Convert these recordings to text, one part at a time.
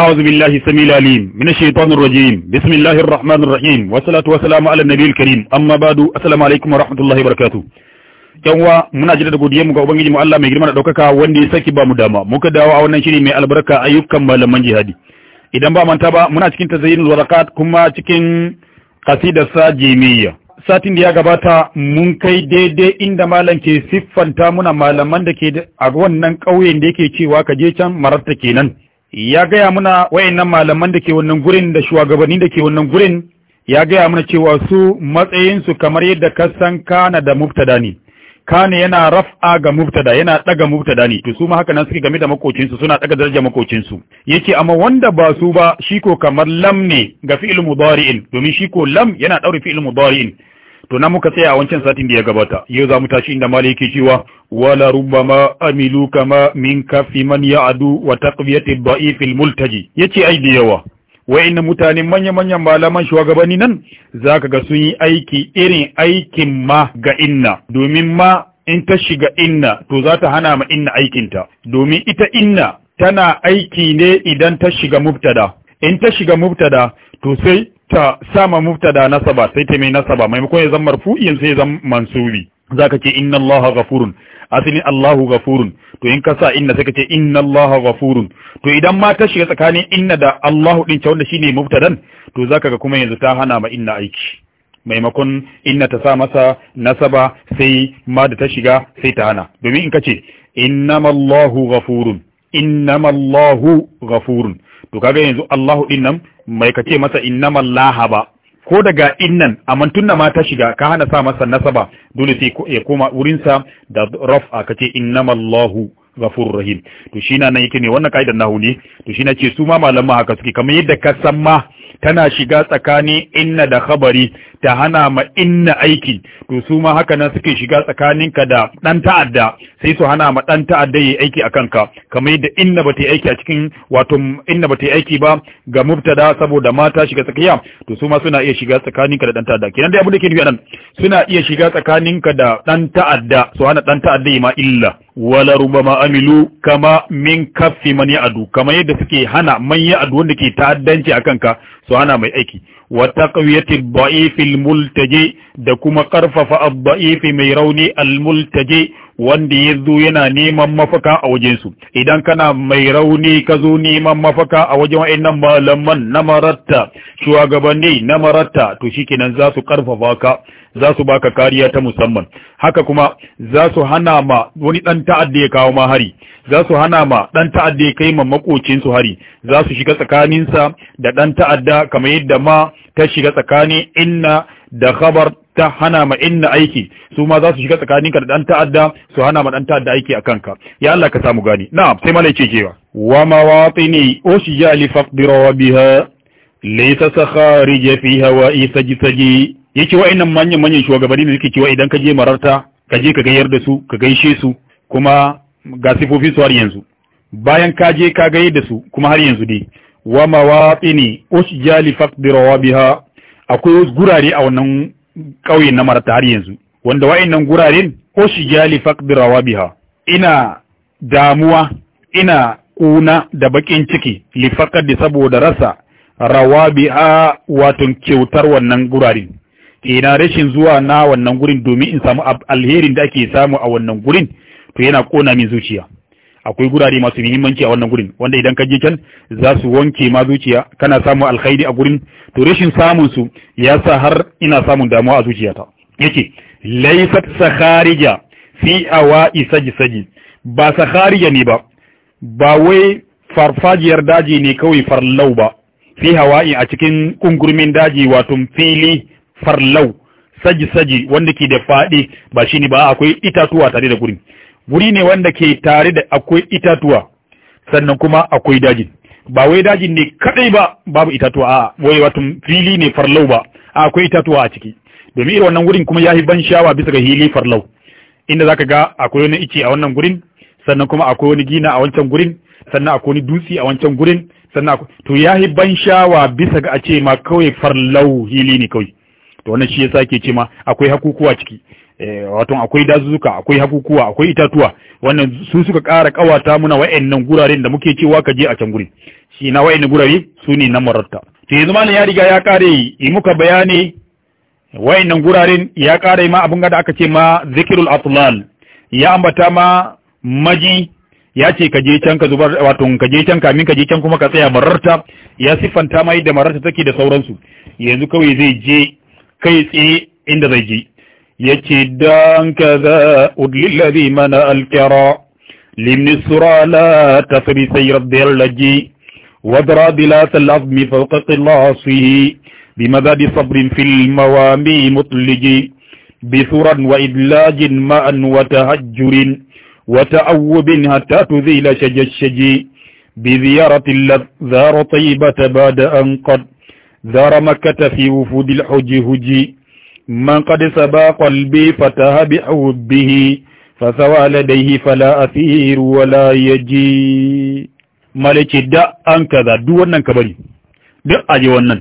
أعوذ بالله السميع العليم من الشيطان الرجيم بسم الله الرحمن الرحيم والصلاة والسلام على النبي الكريم أما بعد السلام عليكم ورحمة الله وبركاته yanwa muna jira da godiyar mu ga ubangiji mu Allah mai girma da daukaka wanda ya saki ba mu dama muka dawo a wannan shiri mai albarka ayyukan malaman jihadi idan ba manta ba muna cikin tazayyinul warakat kuma cikin qasidar sa jimiyya satin da ya gabata mun kai daidai inda malam ke siffanta muna malaman da ke a wannan kauyen da yake cewa ka je can mararta kenan ya gaya muna wayannan malaman da ke wannan gurin da shugabanni da ke wannan gurin ya gaya mana cewa su matsayinsu kamar yadda ka san kana da muftada ne kana yana raf'a ga mubtada yana daga mubtada ne to su ma haka nan suke game da makocinsu suna daga daraja makocinsu yake amma wanda ba su ba shiko kamar lam ne ga fi'il mudari'in domin shiko lam yana daure fi'il mudari'in to na muka tsaya a wancan satin da ya gabata yau za mu tashi inda mali yake cewa wala rubbama amilu kama min kafi man ya'adu wa taqwiyati da'ifil multaji yace ai da yawa in mutane manya-manyan malaman shugabanni nan zaka ga sun yi aiki irin aikin ma ga inna domin ma in ta shiga inna to za ta hana ma inna aikinta domin ita inna tana aiki ne idan ta shiga mubtada in ta shiga mubtada to sai ta sama mubtada nasaba sai ta mai nasaba maimakon ya zama marfu'in sai ya mansubi zaka ce inna allahu ghafurun asali allahu ghafurun to in ka sa inna sai ka ce inna allahu ghafurun to idan ma ta shiga tsakanin inna da allahu din ta wanda shine mubtadan to zaka ga kuma yanzu ta hana ma inna aiki maimakon inna ta sa masa nasaba sai ma da ta shiga sai ta hana domin in ka ce innamallahu ghafurun innamallahu ghafurun to kaga yanzu Allahu dinnan mai kace masa innamal laha ba ko daga innan amma tunna ma ta shiga ka hana sa masa nasaba dole sai ya koma wurin sa da raf'a kace innamallahu ghafur rahim to shi na nan yake ne wannan kaidar nahu ne to shi na ce su ma malaman haka suke kamar yadda ka san ma tana shiga tsakanin inna da khabari ta hana ma inna aiki to su ma haka nan suke shiga tsakaninka da dan ta'adda sai su hana ma dan ta'adda yi aiki akan ka kamar da inna bata yi aiki a cikin wato inna bata yi aiki ba ga mubtada saboda mata shiga tsakiya to su ma suna iya shiga tsakaninka da dan ta'adda kenan dai abin da ke nufi anan suna iya shiga tsakaninka da dan ta'adda su hana dan ta'adda yi ma illa wala rubama amilu kama min kaffi man adu kama yadda suke hana man ya'du wanda ke ta'addanci akan ka su hana mai aiki wa taqwiyati ad-da'if al-multaji da kuma karfafa ad-da'if mai rauni al-multaji wanda ya zo yana neman mafaka a wajensu idan kana mai rauni ka zo neman mafaka a wajen wa'annan malaman na maratta shugabanni na maratta to shikenan za su karfafa ka za su baka kariya ta musamman haka kuma za su hana ma wani dan ta'adda ya kawo ma hari za su hana ma dan ta'adda ya kai ma makocin su hari za su shiga tsakaninsa da dan ta'adda kamar yadda ma ta shiga tsakani inna da khabar ta hana ma inna aiki su ma za su shiga tsakaninka da dan ta'adda su hana ma dan ta'adda aiki akan ka ya Allah ka samu gani na'am sai malai ce cewa wa mawatini ushiya li faqdira biha laysa sakharij fiha wa isajtaji yake inna manyan manyan shugabanni da suke cewa idan ka je mararta ka je ka gayar da su ka gaishe su kuma ga sifofi su har yanzu bayan ka je ka gayyar da su kuma har yanzu dai wa mawatini ushiya li faqdira biha akwai gurare a wannan ƙauyen na marata har yanzu wanda wa'annan guraren ko jali faɗirawa biha ina damuwa ina kuna da bakin ciki li da saboda rasa rawa biha wato kyautar wannan guraren ina rashin zuwa na wannan gurin domin in samu alherin da ake samu a wannan gurin to yana kona min zuciya akwai gurare masu muhimmanci a wannan gurin wanda idan ka je can za su wanke ma zuciya kana samun alkhairi a gurin to rashin samun su ya sa har ina samun damuwa a zuciyata yake laysat sakharija fi awa'i saji ba sakharija ne ba ba wai farfajiyar daji ne kawai farlau ba fi hawa'i a cikin kungurmin daji wato fili farlau saji-saji wanda ke da fadi ba shine ba akwai itatuwa tare da gurin wuri ne wanda ke tare da akwai itatuwa sannan kuma akwai dajin ba wai dajin ne kadai ba babu itatuwa a wai wato fili ne farlau ba akwai itatuwa a ciki domin irin wannan wurin kuma fi ban shawa bisa ga hili farlau inda zaka ga akwai wani ice a wannan gurin sannan kuma akwai wani gina a wancan gurin sannan akwai wani dutse a wancan gurin sannan to fi ban shawa bisa ga a ce ma kawai farlau hili ne kawai to wannan shi yasa ke ce ma akwai hakukuwa ciki eh, wato akwai dazuzzuka akwai hakukuwa akwai itatuwa wannan su suka ƙara ƙawata muna wa'annan guraren da muke cewa ka je a can guri shi na wa'annan gurare su ne na mararta. to yanzu malam ya riga ya ƙare yi muka bayani wa'annan guraren ya ƙare ma abin da aka ce ma zikirul atlal ya ambata ma maji ya ce ka je can ka zubar wato ka je can kamin ka je can kuma ka tsaya mararta ya siffanta ma yadda mararta take da sauransu yanzu kawai zai je كي عند ضيجي يتشدان كذا أدل الذي منى الكرى لمن السرى لا تفري سير الدير لجي ودرى دلات العظم فوق قلاصه بمداد صبر في الموامي مطلجي بثرا وإدلاج ماء وتهجر وتأوب حتى تذيل شج الشجي بزيارة الذار طيبة بعد أن قد ذار مكة في وفود الحج هجي من قد سبا قلبي فتاه بحبه فسوى لديه فلا أثير ولا يجي مالك دا أن كذا دو ونن كبري دا أجي ونن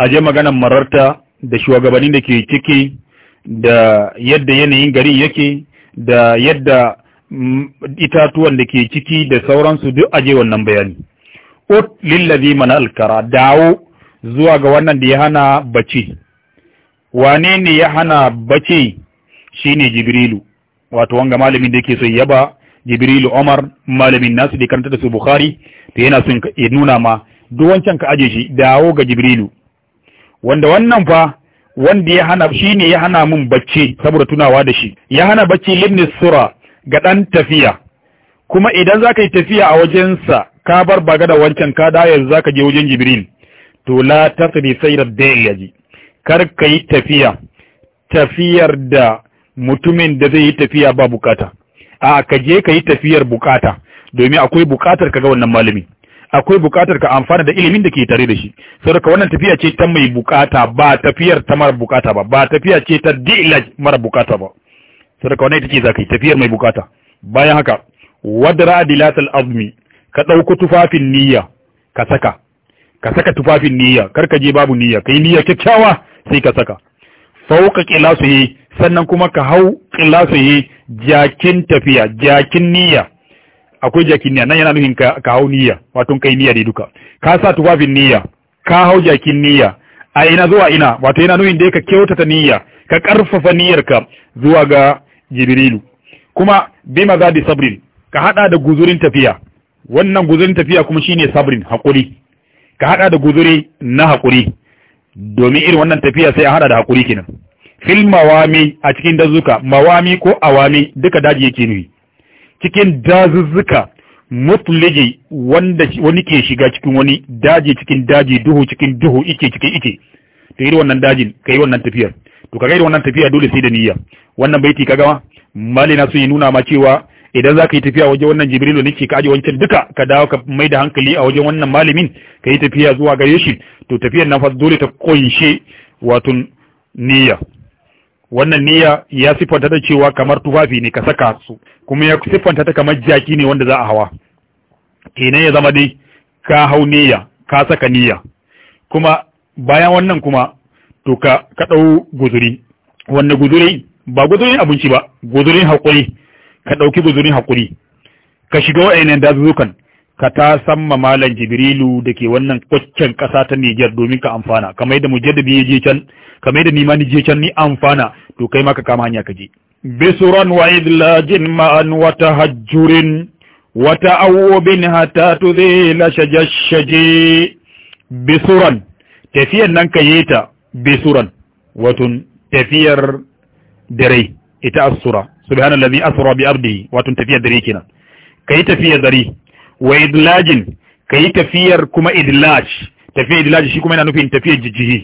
أجي مغانا مررتا da shugabannin da ke ciki da yadda yanayin gari yake da yadda itatuwan da ke ciki da sauransu duk aje wannan bayani ut lillazi mana alkara dawo zuwa ga wannan da ya hana bacci wane ne ya hana bacci ne jibrilu wato wanga malamin da yake son yaba jibrilu Omar, malamin nasu da karanta da su bukhari to yana son ya nuna ma duk wancan ka aje shi dawo ga jibrilu wanda wannan fa wanda ya hana shi ne ya hana mun bacci saboda tunawa da shi ya hana bacci libni sura ga ɗan tafiya kuma idan za ka yi tafiya a wajensa ka bar baga da wancan ka da yanzu ka je wajen jibril to la tasri sayrar dayyaji kar ka yi tafiya tafiyar da mutumin da zai yi tafiya ba bukata a ka je ka yi tafiyar bukata domin akwai bukatar ka ga wannan malami akwai bukatar ka amfana da ilimin da ke tare da shi saboda wannan tafiya ce ta mai bukata ba tafiyar ta mara bukata ba ba tafiya ce ta da'ilaj mara bukata ba saboda wannan ita ce za ka yi tafiyar mai bukata bayan haka wadra dilatul azmi ka ɗauko tufafin niyya ka saka ka saka tufafin niyya kar ka je babu niyya kai niyya kyakkyawa sai ka saka fauka qilasuhi sannan kuma ka hau qilasuhi jakin tafiya jakin niyya akwai jakin niyya nan yana nufin ka, hau niyya wato kai niyya dai duka ka sa tufafin niyya ka hau jakin niyya a ina zuwa ina wato yana nufin dai ka kyautata niyya ka karfafa niyyarka zuwa ga jibrilu kuma bima zadi sabrin ka hada da guzurin tafiya wannan guzurin tafiya kuma shine sabrin hakuri ka hada da guzuri na hakuri domin irin wannan tafiya sai a hada da hakuri kenan fil mawami a cikin dazuka mawami ko awami duka daji yake nuyi cikin dazuzzuka mutliji wanda wani ke shiga cikin wani daji cikin daji duhu cikin duhu ike cikin ike to irin wannan dajin kai wannan tafiyar to kaga irin wannan tafiya dole sai da niyya wannan baiti kaga malina sun yi nuna ma cewa idan za ka yi tafiya waje wannan jibrilu nake ka aje wancan duka ka dawo ka mai da hankali a wajen wannan malamin ka yi tafiya zuwa gare shi to tafiyar nan fa dole ta kunshe wato niyya wannan niyya ya siffanta ta cewa kamar tufafi ne ka saka su kuma ya siffanta ta kamar jaki ne wanda za a hawa kenan ya zama dai ka hau niyya ka saka niyya kuma bayan wannan kuma to ka ka dau guzuri wannan guzuri ba guzurin abinci ba guzurin haƙuri ka ɗauki guzurin haƙuri ka shiga wa'annan dazuzzukan ka ta samma malam jibrilu da ke wannan kwaccen ƙasa ta Nijar domin ka amfana kamar yadda mujaddadi ya je can kamar yadda nima ni je can ni amfana to kai ma ka kama hanya ka je bisuran wa idlajin ma'an wa tahajjurin wa ta'awwabin hatta tudhila shajashaji bisuran tafiyar nan ka yeta bisuran wato tafiyar dare ita as-sura subhanallazi asra bi abdihi wato tafiyar dare kenan kai tafiyar dare wa idlajin kai tafiyar kuma idlaj tafiyar idlaj shi kuma yana nufin tafiyar jijjihi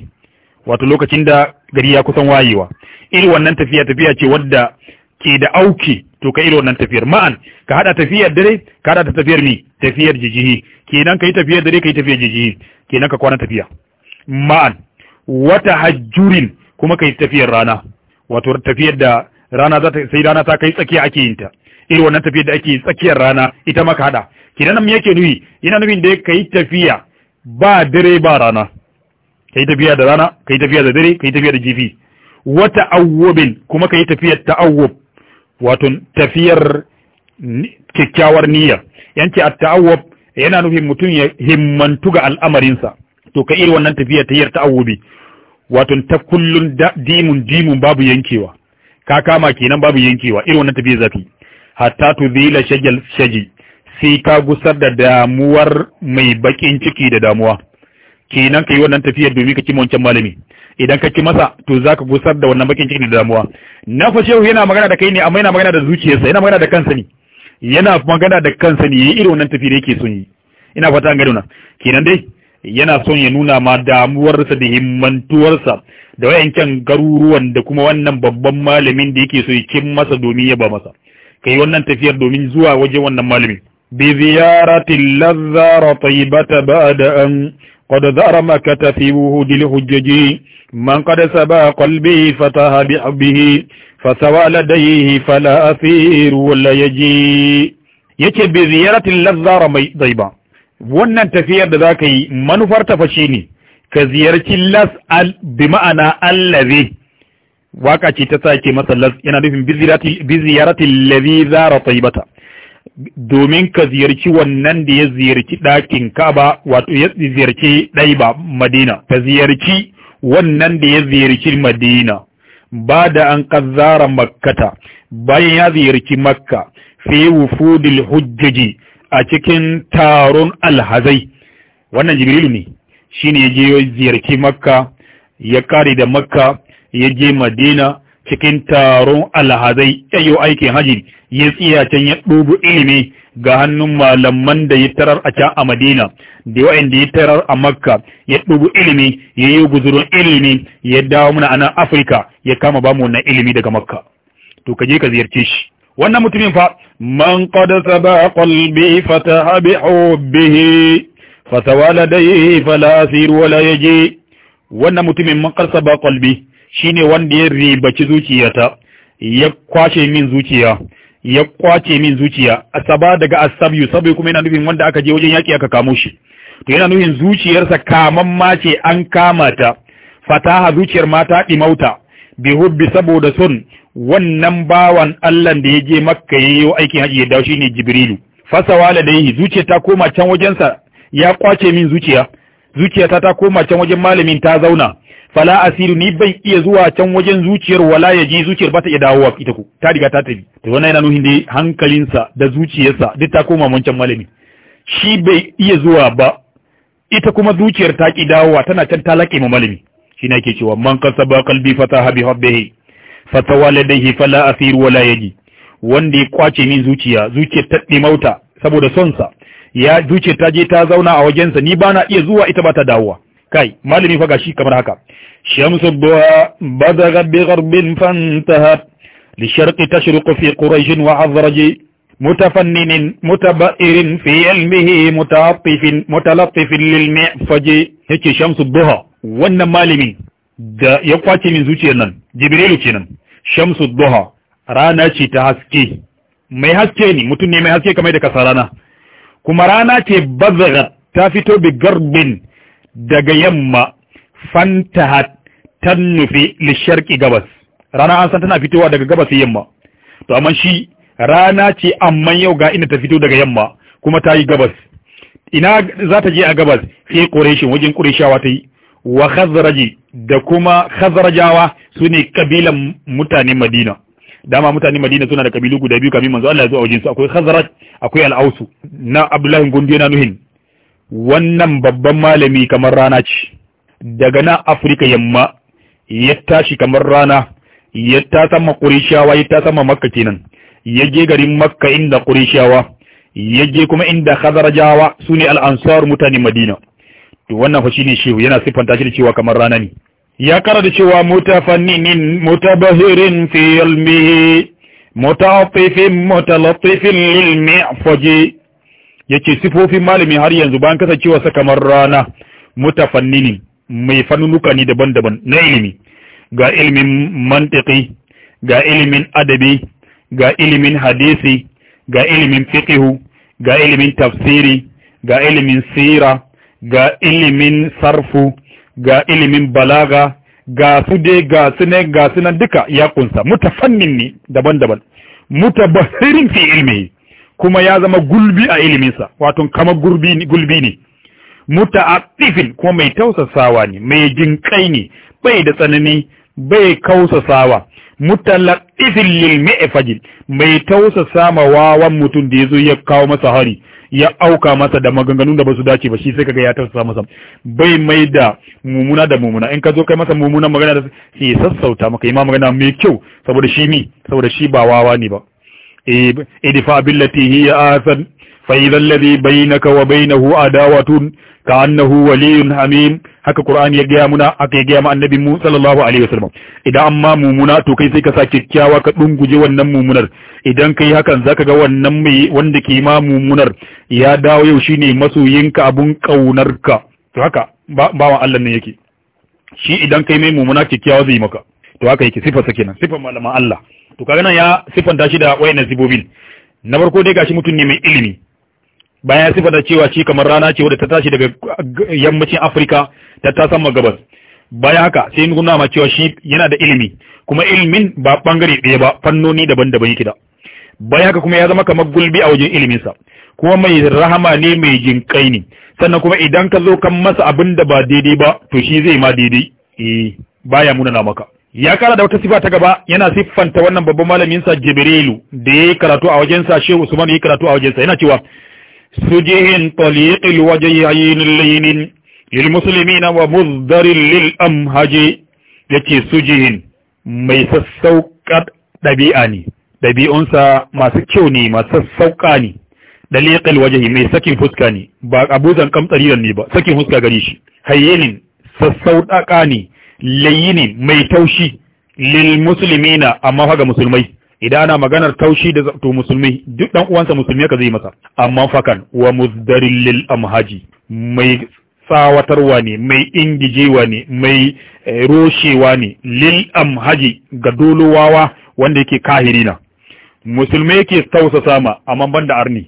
wato lokacin da gari ya kusan wayewa irin wannan tafiya tafiya ce wadda ke da auki to ka irin wannan tafiyar ma'an ka hada tafiyar dare ka hada ta tafiyar mi tafiyar jijihi kenan kai tafiyar dare kai tafiyar jijihi kenan ka kwana tafiya ma'an wata hajjurin kuma kai tafiyar rana wato tafiyar da rana za ta sai rana ta kai tsakiya ake yin ta irin wannan tafiyar da ake tsakiyar rana ita maka hada kidan me yake nuyi ina nufin da kai tafiya ba dare ba rana kai tafiya da rana kai tafiya da dare kai tafiya da jifi wata awwabin kuma kai tafiyar awwab wato tafiyar kyakkyawar niyya yanci a taawwub yana nufin mutum ya himmantu ga al'amarinsa to ka irin wannan tafiya ta yar ta'awubi wato ta kullun dimun dimun babu yankewa ka kama kenan babu yankewa irin wannan tafiya zafi hatta tuzila shajal shaji sai ka gusar da damuwar mai bakin ciki da damuwa kenan kai wannan tafiyar domin ka ci wancan malami idan ka ci masa to zaka gusar da wannan bakin ciki da damuwa na fa shehu yana magana da kai ne amma yana magana da zuciyarsa yana magana da kansa ne yana magana da kansa ne yayi irin wannan tafiyar yake son yi ina fata an gado na kenan dai yana son ya nuna ma damuwarsa da himmantuwarsa da wayancan garuruwan da kuma wannan babban malamin da yake so ya cin masa domin ya ba masa kai wannan tafiyar domin zuwa waje wannan malamin bi ziyaratil ladhara tayyibata ba'da an قد ذار مكة في وهود الحجج من قد سبى قلبه فتاه بحبه فسوى لديه فلا أثير ولا يجي yake bi ziyaratin lazzara mai zaiba wannan tafiyar da zaka yi manufar ta fashe ne ka ziyarci Al bi ma'ana allazi waka ce ta sake masa las yana nufin bi ziyarati allazi zara taibata domin ka ziyarci wannan da ya ziyarci ɗakin Ka'aba wato ya ziyarci ɗaiba Madina ka ziyarci wannan da ya ziyarci Madina ba da an kazzara makkata bayan ya ziyarci makka fi wufudil hujjaji a cikin taron alhazai wannan jibrilu ne shine ya je ziyarci makka ya kare da makka ya je madina cikin taron alhazai yayo aikin hajji ya tsiya can ya dubu ilimi ga hannun malaman da ya tarar a can a madina da da ya tarar a makka ya dubu ilimi ya yi guzurin ilimi ya dawo muna a nan afirka ya kama ba mu wannan ilimi daga makka to ka je ka ziyarce shi wannan mutumin fa man qad sabaqa qalbi fataha bi fatawaladai fala asiru wala yaji wannan mutumin man ba shi shine wanda ya ribaci zuciyata ya kwashe min zuciya ya kwace min zuciya asaba daga Asabyu sabai kuma yana nufin wanda aka je wajen yaki aka kamo shi to yana nufin zuciyarsa kaman ma ce an kama ta fataha zuciyar mata dimauta bi hubbi saboda sun wannan bawan Allah da ya je makka yayyo aikin haji ya dawo shine jibrilu fasawa ladaihi zuciyar ta koma can wajensa ya kwace min zuciya zuciyata ta koma can wajen malamin ta zauna fala asiru ni bai iya zuwa can wajen zuciyar wala ya zuciyar ba ta iya dawowa ita ku ta riga ta tafi to wannan yana nuhin da hankalinsa da zuciyarsa duk ta koma wancan malami shi bai iya zuwa ba ita kuma zuciyar ta ki dawowa tana can ta laƙe ma malami shi ne ake cewa man kasaba kalbi fataha bi habbihi fatawaladihi fala asiru wala yaji wanda ya kwace min zuciya zuciyar ta mauta saboda sonsa. ya duce ta je ta zauna a wajensa ni ba na iya zuwa ita ba ta dawowa kai malami faga shi kamar haka shamsu badaga bi gharbin fantahat li sharqi tashriqu fi quraish wa azraj متفنن fi في علمه متعطف متلطف للمعفج هيك Shamsu الضحى wannan malamin da ya kwace min zuciyar nan jibrilu kenan shamsu duha rana ce ta haske mai haske ne mutum ne mai haske kamar da kasa rana kuma rana ce bazagat ta fito bi garbin daga yamma fantahat ta nufi lisharki gabas rana an san tana fitowa daga gabas yamma to amma shi rana ce amma yau ga inda ta fito daga yamma kuma ta yi gabas ina za ta je a gabas fi quraishin wajen qurayshawa ta yi wa khazraji da kuma khazrajawa ne kabilan mutanen madina dama mutane Madina suna da kabilu guda biyu kamin manzo Allah ya zo a wajensu akwai Khazraj akwai al'ausu. na Abdullahi Gondi na Nuhin wannan babban malami kamar rana ce daga na Afirka yamma ya tashi kamar rana ya ta sama Qurayshawa ya ta sama Makka kenan ya je garin Makka inda Qurayshawa ya je kuma inda Khazrajawa sune al-Ansar mutane Madina to wannan fa shine shehu yana sifanta shi da cewa kamar rana ne ya kara da cewa mutafanninin mutabahirin fi ilmihi mutaafifin mutalatifin ilmi faje yace sifofin malami har yanzu bayan kasancewa sa kamar rana mutafanninin mai fannuka ne daban-daban na ilimi ga ilimin mantiki ga ilimin adabi ga ilimin hadisi ga ilimin fiqihu ga ilimin tafsiri ga ilimin sira ga ilimin sarfu ga ilimin balaga ga su dai ga su ne ga su nan duka ya kunsa mutafannin ne daban-daban mutabahirin fi ilmi kuma ya zama gulbi a iliminsa wato kamar gulbi gulbi ne muta'attifin kuma mai tausasawa ne mai jinkai ne bai da tsanani bai kausasawa mutalaqifin lil mai tausasa ma wawan mutum da yazo ya kawo masa hari ya auka masa da maganganun da ba su dace ba shi sai kaga ya tausa masa bai mai da mumuna da mumuna in ka zo kai masa mumuna magana da shi ya sassauta maka yi ma magana mai kyau saboda shi ni saboda shi ba wawa ne ba eh, idfa billati hiya asan fa'idha lade bai na kawa bai na huwa a dawa tun ka hannu hali in amin haka qura'un ya gaya muna aka yi gaya ma'anabinmu sallallahu alaihi wa salamu. idan an kai sai ka sa kyakkyawa wannan mummunar idan ka hakan za ga wannan mai wanda ke ma mummunar ya dawo yau shine masoyinka abun ƙaunarka. to haka ba wa allar ne ya shi idan ka yi mai mummuna kyakkyawa zai maka to haka ya ke sa ke nan siffan allah to kare nan ya siffan tashi da wayan zibobin na bar dai gashi mutu ne mai ilimi. bayan sifa da cewa shi kamar rana ce wadda ta tashi daga yammacin Afirka ta ta sama gabas baya haka sai nuna ma cewa shi yana da ilimi kuma ilimin ba bangare ɗaya ba fannoni daban-daban yake da baya haka kuma ya zama kamar gulbi a wajen sa kuma mai rahama ne mai jinkai ne sannan kuma idan ka zo kan masa abin da ba daidai ba to shi zai ma daidai eh baya munana maka ya kara da wata sifa ta gaba yana siffanta wannan babban malamin sa Jibrilu da yayi karatu a wajensa Shehu Usman yayi karatu a sa yana cewa سجه طليق الوجه عين اللين للمسلمين ومصدر للأمهج yace sujihin mai sassaukar ɗabi'a ɗabi'unsa masu kyau ne masu sassauka ne daliqil wajhi mai sakin fuska ne ba abuzan kamtsariran ne ba sakin fuska gare shi hayyinin sassauɗaƙa ne layyinin mai taushi lil muslimina amma fa musulmai idan ana maganar taushi da zato musulmi duk dan uwansa musulmi ka zai masa amma fakan wa muzdaril lil amhaji mai tsawatarwa ne mai ingijewa ne mai eh, roshewa ne lil amhaji ga dolowawa wanda yake kahirina musulmi yake tausa sama amma banda arni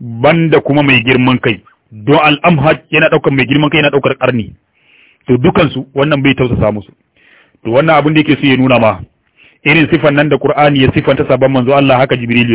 banda kuma mai girman kai don Al-Amhaj yana daukar mai girman kai yana daukar arni to dukansu wannan bai tausa samu musu to wannan abin da yake so ya nuna ma irin sifan nan da Qur'ani ya sifanta sabon manzo Allah haka Jibril